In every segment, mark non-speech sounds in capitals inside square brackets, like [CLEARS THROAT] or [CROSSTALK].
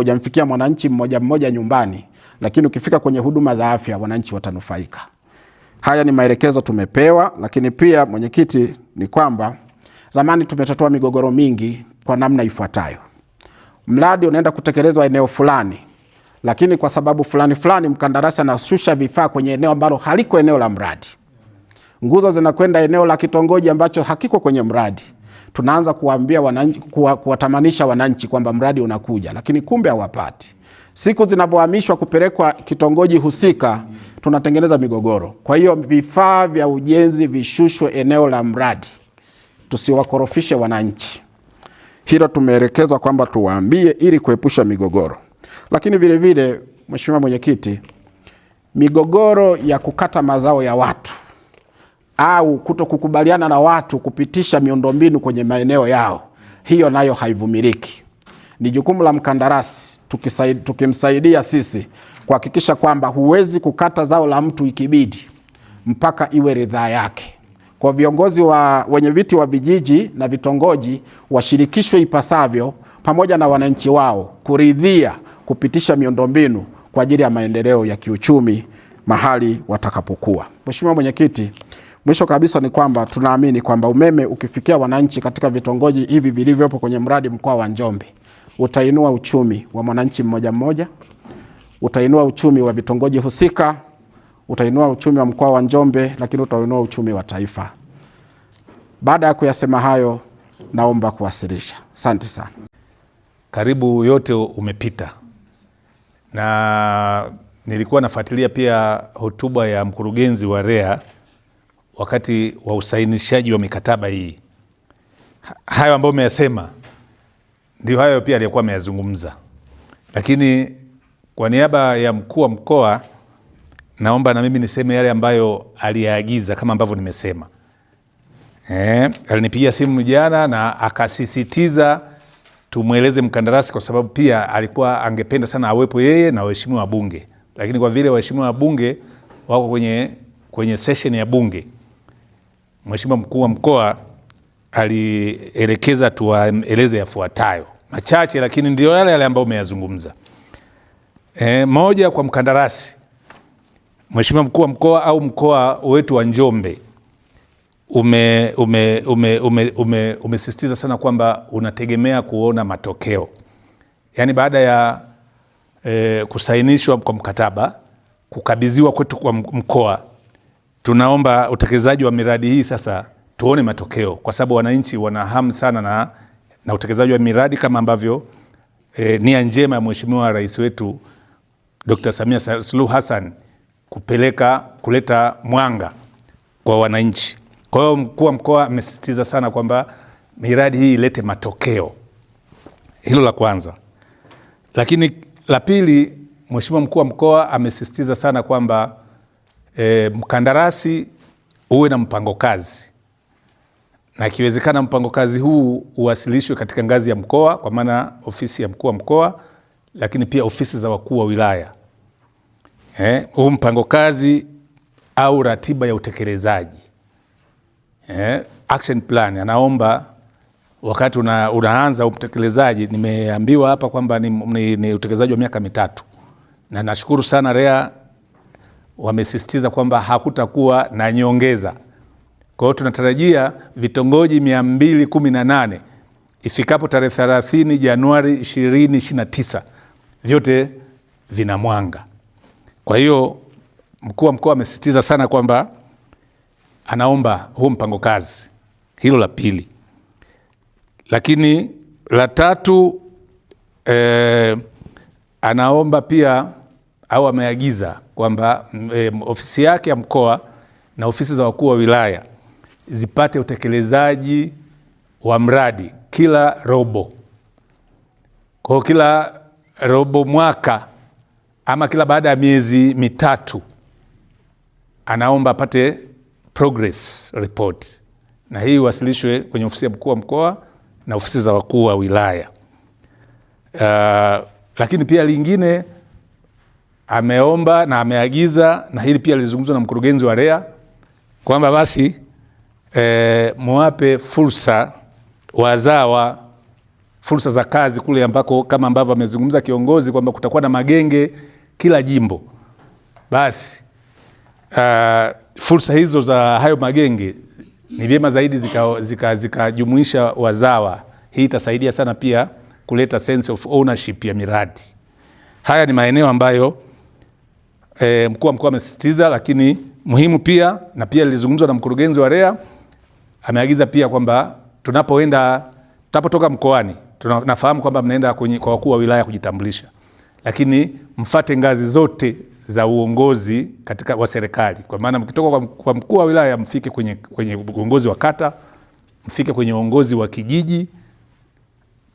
hujamfikia mwananchi mmoja mmoja nyumbani, lakini ukifika kwenye huduma za afya wananchi watanufaika. Haya ni maelekezo tumepewa, lakini pia mwenyekiti, ni kwamba zamani tumetatua migogoro mingi kwa namna ifuatayo: mradi unaenda kutekelezwa eneo fulani, lakini kwa sababu fulani fulani mkandarasi anashusha vifaa kwenye eneo ambalo haliko eneo la mradi, nguzo zinakwenda eneo la kitongoji ambacho hakiko kwenye mradi tunaanza kuwaambia wananchi, kuwatamanisha wananchi kwamba mradi unakuja, lakini kumbe hawapati. Siku zinavyohamishwa kupelekwa kitongoji husika, tunatengeneza migogoro. Kwa hiyo vifaa vya ujenzi vishushwe eneo la mradi, tusiwakorofishe wananchi. Hilo tumeelekezwa kwamba tuwaambie ili kuepusha migogoro. Lakini vile vile, Mheshimiwa Mwenyekiti, migogoro ya kukata mazao ya watu au kuto kukubaliana na watu kupitisha miundombinu kwenye maeneo yao, hiyo nayo haivumiliki. Ni jukumu la mkandarasi, tukimsaidia sisi kuhakikisha kwamba huwezi kukata zao la mtu ikibidi mpaka iwe ridhaa yake. Kwa viongozi wa viti wa vijiji na vitongoji washirikishwe ipasavyo pamoja na wananchi wao kuridhia kupitisha miundombinu kwa ajili ya maendeleo ya kiuchumi mahali watakapokuwa. Mheshimiwa Mwenyekiti, Mwisho kabisa ni kwamba tunaamini kwamba umeme ukifikia wananchi katika vitongoji hivi vilivyopo kwenye mradi mkoa wa Njombe utainua uchumi wa mwananchi mmoja mmoja, utainua uchumi wa vitongoji husika, utainua uchumi wa mkoa wa Njombe, lakini utainua uchumi wa taifa. Baada ya kuyasema hayo, naomba kuwasilisha. Asante sana. Karibu yote umepita, na nilikuwa nafuatilia pia hotuba ya mkurugenzi wa REA wakati wa usainishaji wa mikataba hii. Hayo ambayo umeyasema ndio hayo pia aliyokuwa ameyazungumza, lakini kwa niaba ya mkuu wa mkoa naomba na mimi niseme yale ambayo aliyaagiza kama ambavyo nimesema. Eh, alinipigia simu jana na akasisitiza tumweleze mkandarasi kwa sababu pia alikuwa angependa sana awepo yeye na waheshimiwa wa Bunge, lakini kwa vile waheshimiwa wa Bunge wako kwenye, kwenye session ya Bunge Mheshimiwa mkuu wa mkoa alielekeza tuwaeleze yafuatayo machache, lakini ndio yale yale ambayo umeyazungumza. E, moja kwa mkandarasi, Mheshimiwa mkuu wa mkoa au mkoa wetu wa Njombe umesisitiza ume, ume, ume, ume, ume sana kwamba unategemea kuona matokeo, yaani baada ya e, kusainishwa kwa mkataba kukabidhiwa kwetu kwa mkoa tunaomba utekelezaji wa miradi hii sasa tuone matokeo, kwa sababu wananchi wana hamu sana na, na utekelezaji wa miradi kama ambavyo e, nia njema ya Mheshimiwa Rais wetu Dr. Samia Suluhu Hassan kupeleka kuleta mwanga kwa wananchi. Kwa hiyo mkuu wa mkoa amesisitiza sana kwamba miradi hii ilete matokeo. Hilo la kwanza, lakini la pili, Mheshimiwa mkuu wa mkoa amesisitiza sana kwamba e, mkandarasi uwe na mpango kazi na ikiwezekana mpango kazi huu uwasilishwe katika ngazi ya mkoa, kwa maana ofisi ya mkuu wa mkoa, lakini pia ofisi za wakuu wa wilaya. Eh, huu mpango kazi au ratiba ya utekelezaji eh, action plan anaomba wakati una, unaanza utekelezaji. Nimeambiwa hapa kwamba ni, ni, ni utekelezaji wa miaka mitatu, na nashukuru sana REA wamesisitiza kwamba hakutakuwa na nyongeza. Kwa hiyo tunatarajia vitongoji 218 ifikapo tarehe 30 Januari 2029 vyote vina mwanga. Kwa hiyo mkuu wa mkoa amesisitiza sana kwamba anaomba huu mpango kazi, hilo la pili. Lakini la tatu eh, anaomba pia au ameagiza kwamba e, ofisi yake ya mkoa na ofisi za wakuu wa wilaya zipate utekelezaji wa mradi kila robo. Kwa kila robo mwaka ama kila baada ya miezi mitatu anaomba apate progress report, na hii iwasilishwe kwenye ofisi ya mkuu wa mkoa na ofisi za wakuu wa wilaya. Uh, lakini pia lingine ameomba na ameagiza, na hili pia lilizungumzwa na mkurugenzi wa REA kwamba basi e, mwape fursa wazawa fursa za kazi kule ambako kama ambavyo amezungumza kiongozi kwamba kutakuwa na magenge kila jimbo, basi uh, fursa hizo za hayo magenge ni vyema zaidi zikajumuisha zika, zika wazawa. Hii itasaidia sana pia kuleta sense of ownership ya miradi. Haya ni maeneo ambayo e, mkuu wa mkoa amesisitiza, lakini muhimu pia na pia lilizungumzwa na mkurugenzi wa REA ameagiza pia kwamba tunapoenda tunapotoka mkoani, tunafahamu kwamba mnaenda kwa wakuu wa wilaya kujitambulisha, lakini mfate ngazi zote za uongozi katika wa serikali, kwa maana mkitoka kwa mkuu wa wilaya mfike kwenye, kwenye uongozi wa kata, mfike kwenye uongozi wa kijiji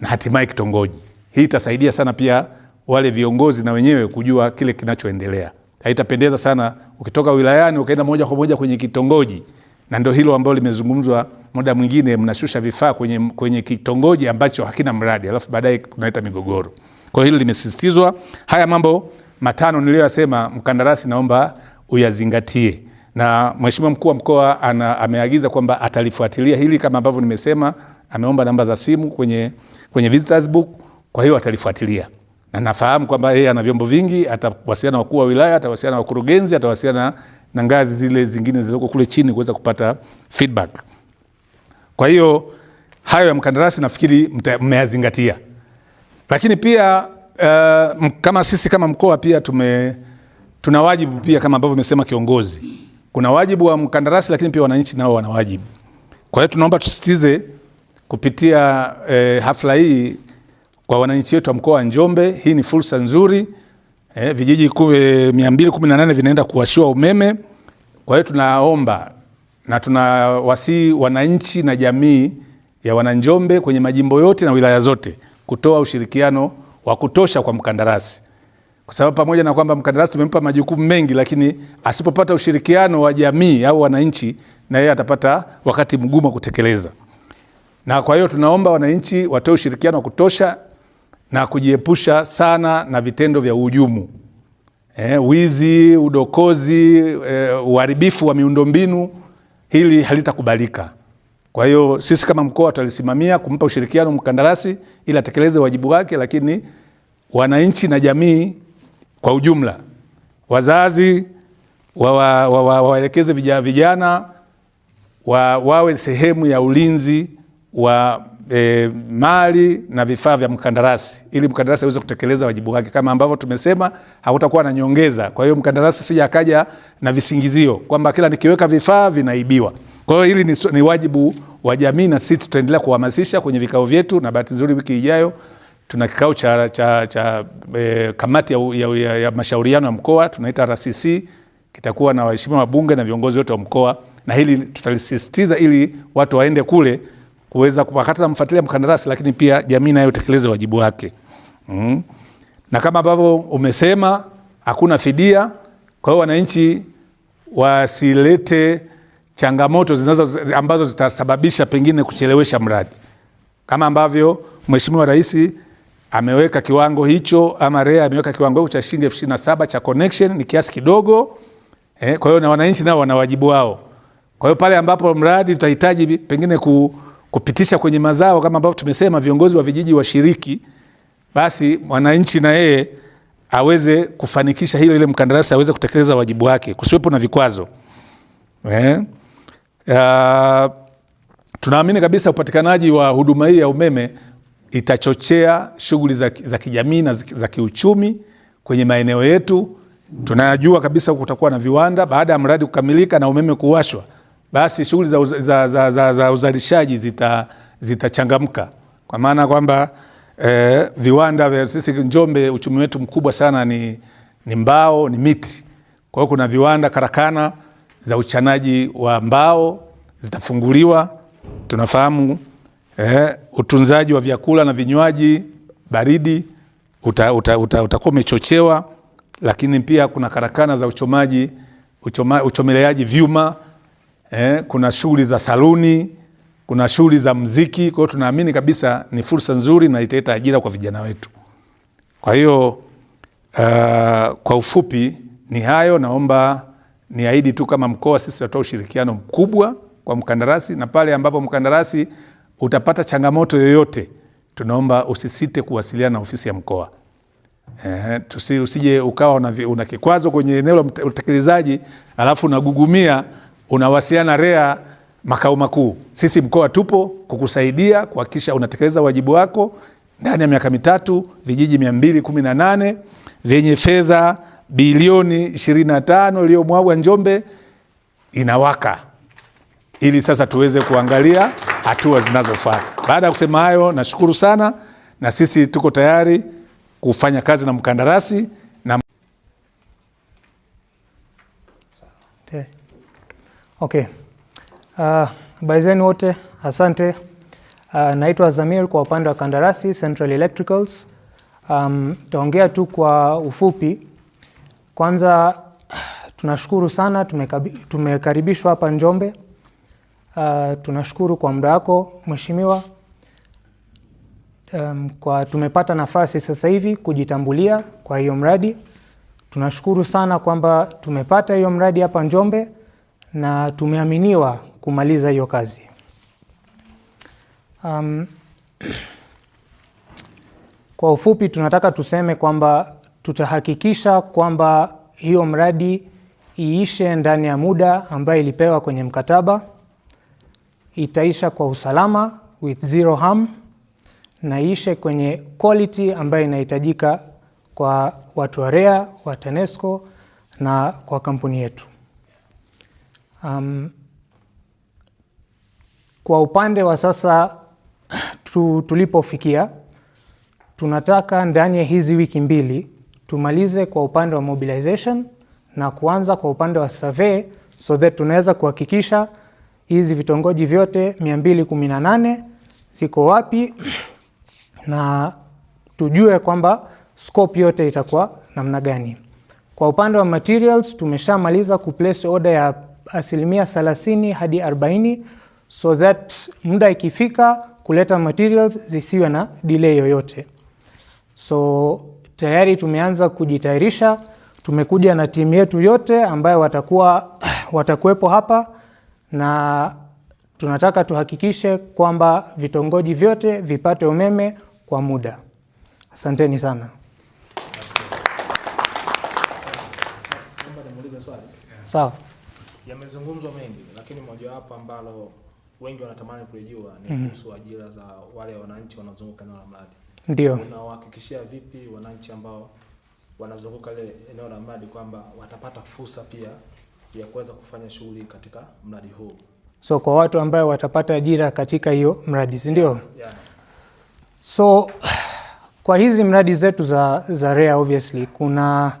na hatimaye kitongoji. Hii itasaidia sana pia wale viongozi na wenyewe kujua kile kinachoendelea haitapendeza sana ukitoka wilayani ukaenda moja kwa moja kwenye kitongoji, na ndio hilo ambalo limezungumzwa. Muda mwingine mnashusha vifaa kwenye, kwenye kitongoji ambacho hakina mradi, alafu baadaye kunaleta migogoro. Kwa hiyo hilo limesisitizwa. Haya mambo matano niliyoyasema, mkandarasi, naomba uyazingatie na Mheshimiwa mkuu wa mkoa ana, ameagiza kwamba atalifuatilia hili kama ambavyo nimesema. Ameomba namba za simu kwenye, kwenye visitors book, kwa hiyo atalifuatilia na nafahamu kwamba yeye ana vyombo vingi, atawasiliana wakuu wa wilaya, atawasiliana wakurugenzi, atawasiliana na ngazi zile zingine zilizoko kule chini kuweza kupata feedback. Kwa hiyo hayo ya mkandarasi nafikiri mmeyazingatia, lakini pia uh, kama sisi kama mkoa pia tume tuna wajibu pia kama ambavyo umesema kiongozi, kuna wajibu wa mkandarasi, lakini pia wananchi nao wana wajibu. Kwa hiyo tunaomba tusitize kupitia eh, hafla hii kwa wananchi wetu wa mkoa wa Njombe. Hii ni fursa nzuri eh, vijiji 218 vinaenda kuwashiwa umeme. Kwa hiyo tunaomba na tunawasihi wananchi na jamii ya wananjombe kwenye majimbo yote na wilaya zote kutoa ushirikiano wa kutosha kwa mkandarasi, kwa sababu pamoja na kwamba mkandarasi tumempa majukumu mengi, lakini asipopata ushirikiano wa jamii au wananchi, na yeye atapata wakati mgumu wa kutekeleza. Na kwa hiyo tunaomba wananchi watoe ushirikiano wa kutosha na kujiepusha sana na vitendo vya uhujumu eh, wizi, udokozi, eh, uharibifu wa miundombinu. Hili halitakubalika. Kwa hiyo sisi kama mkoa tutalisimamia kumpa ushirikiano mkandarasi ili atekeleze wajibu wake, lakini wananchi na jamii kwa ujumla, wazazi wawaelekeze wa, wa, wa, vijana vijana wa, wawe sehemu ya ulinzi wa e, mali na vifaa vya mkandarasi ili mkandarasi aweze kutekeleza wajibu wake, kama ambavyo tumesema hautakuwa na nyongeza. Kwa hiyo mkandarasi sija akaja na visingizio kwamba kila nikiweka vifaa vinaibiwa. Kwa hiyo hili ni, ni wajibu wa jamii, na sisi tutaendelea kuhamasisha kwenye vikao vyetu, na bahati nzuri wiki ijayo tuna kikao cha, cha, cha e, kamati ya, ya, ya, ya mashauriano ya mkoa tunaita RCC, kitakuwa na waheshimiwa wabunge na viongozi wote wa mkoa, na hili tutalisisitiza ili watu waende kule kuweza kupakata mfuatilia mkandarasi, lakini pia jamii nayo itekeleze wajibu wake mm. Na kama ambavyo umesema hakuna fidia, kwa hiyo wananchi wasilete changamoto zinazo ambazo zitasababisha pengine kuchelewesha mradi, kama ambavyo Mheshimiwa Rais ameweka kiwango hicho ama REA ameweka kiwango hicho cha shilingi elfu ishirini na saba cha connection, ni kiasi kidogo eh. Kwa hiyo na wananchi nao wana wajibu wao. Kwa hiyo pale ambapo mradi tutahitaji pengine ku kupitisha kwenye mazao kama ambavyo tumesema, viongozi wa vijiji washiriki, basi mwananchi na yeye aweze kufanikisha hilo, ile mkandarasi aweze kutekeleza wajibu wake, kusiwepo na vikwazo eh. Uh, tunaamini kabisa upatikanaji wa huduma hii ya umeme itachochea shughuli za, za kijamii na za kiuchumi kwenye maeneo yetu. Tunajua kabisa kutakuwa na viwanda baada ya mradi kukamilika na umeme kuwashwa basi shughuli za, za, za, za, za, za uzalishaji zitachangamka zita kwa maana kwamba eh, viwanda vya sisi Njombe, uchumi wetu mkubwa sana ni, ni mbao ni miti. Kwa hiyo kuna viwanda karakana za uchanaji wa mbao zitafunguliwa. Tunafahamu eh, utunzaji wa vyakula na vinywaji baridi utakuwa uta, uta, uta umechochewa, lakini pia kuna karakana za uchomaji uchoma, uchomeleaji vyuma eh, kuna shughuli za saluni, kuna shughuli za mziki. Kwa hiyo tunaamini kabisa ni fursa nzuri na italeta ajira kwa vijana wetu. Kwa hiyo uh, kwa ufupi ni hayo. Naomba niahidi tu kama mkoa sisi tutatoa ushirikiano mkubwa kwa mkandarasi, na pale ambapo mkandarasi utapata changamoto yoyote, tunaomba usisite kuwasiliana na ofisi ya mkoa. Eh, tusi, usije ukawa una, una kikwazo kwenye eneo la utekelezaji alafu unagugumia unawasiliana REA makao makuu. Sisi mkoa tupo kukusaidia kuhakikisha unatekeleza wajibu wako ndani ya miaka mitatu, vijiji 218 vyenye fedha bilioni 25 iliyomwagwa Njombe inawaka, ili sasa tuweze kuangalia hatua zinazofuata. Baada ya kusema hayo, nashukuru sana, na sisi tuko tayari kufanya kazi na mkandarasi. Okay. Uh, baizeni wote asante. Uh, naitwa Zamir kwa upande wa kandarasi Central Electricals. Um, taongea tu kwa ufupi. Kwanza tunashukuru sana tumekaribishwa hapa Njombe. Uh, tunashukuru kwa muda wako mheshimiwa. Um, kwa tumepata nafasi sasa hivi kujitambulia kwa hiyo mradi. Tunashukuru sana kwamba tumepata hiyo mradi hapa Njombe na tumeaminiwa kumaliza hiyo kazi. Um, [CLEARS THROAT] kwa ufupi tunataka tuseme kwamba tutahakikisha kwamba hiyo mradi iishe ndani ya muda ambayo ilipewa kwenye mkataba, itaisha kwa usalama with zero harm, na iishe kwenye quality ambayo inahitajika kwa watu wa REA, wa TANESCO na kwa kampuni yetu. Um, kwa upande wa sasa tu, tulipofikia tunataka ndani ya hizi wiki mbili tumalize kwa upande wa mobilization na kuanza kwa upande wa survey so that tunaweza kuhakikisha hizi vitongoji vyote 218 ziko wapi [CLEARS THROAT] na tujue kwamba scope yote itakuwa namna gani. Kwa upande wa materials tumeshamaliza kuplace order ya asilimia 30 hadi 40, so that muda ikifika kuleta materials zisiwe na delay yoyote. So tayari tumeanza kujitayarisha, tumekuja na timu yetu yote ambayo watakuwa [CLEARS THROAT] watakuwepo hapa na tunataka tuhakikishe kwamba vitongoji vyote vipate umeme kwa muda. Asanteni sana. Sawa. Yamezungumzwa mengi, lakini mojawapo ambalo wengi wanatamani kulijua ni mhm. kuhusu mm -hmm. ajira za wale wananchi wanaozunguka eneo la mradi. Ndio unawahakikishia vipi wananchi ambao wanazunguka ile eneo la mradi kwamba watapata fursa pia ya kuweza kufanya shughuli katika mradi huu? So kwa watu ambao watapata ajira katika hiyo mradi, si ndio? Yeah. So kwa hizi mradi zetu za, za REA obviously kuna,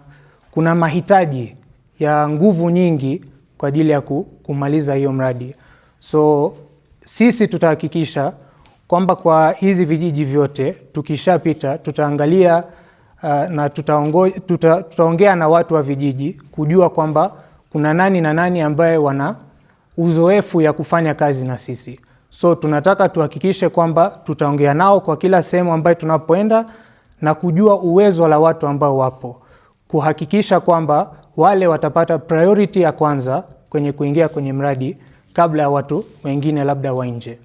kuna mahitaji ya nguvu nyingi kwa ajili ya kumaliza hiyo mradi. So sisi tutahakikisha kwamba kwa hizi vijiji vyote tukishapita, tutaangalia uh, na tutaongo, tuta, tutaongea na watu wa vijiji kujua kwamba kuna nani na nani ambaye wana uzoefu ya kufanya kazi na sisi. So tunataka tuhakikishe kwamba tutaongea nao kwa kila sehemu ambayo tunapoenda na kujua uwezo la watu ambao wapo, kuhakikisha kwamba wale watapata priority ya kwanza kwenye kuingia kwenye mradi kabla ya watu wengine labda wa nje.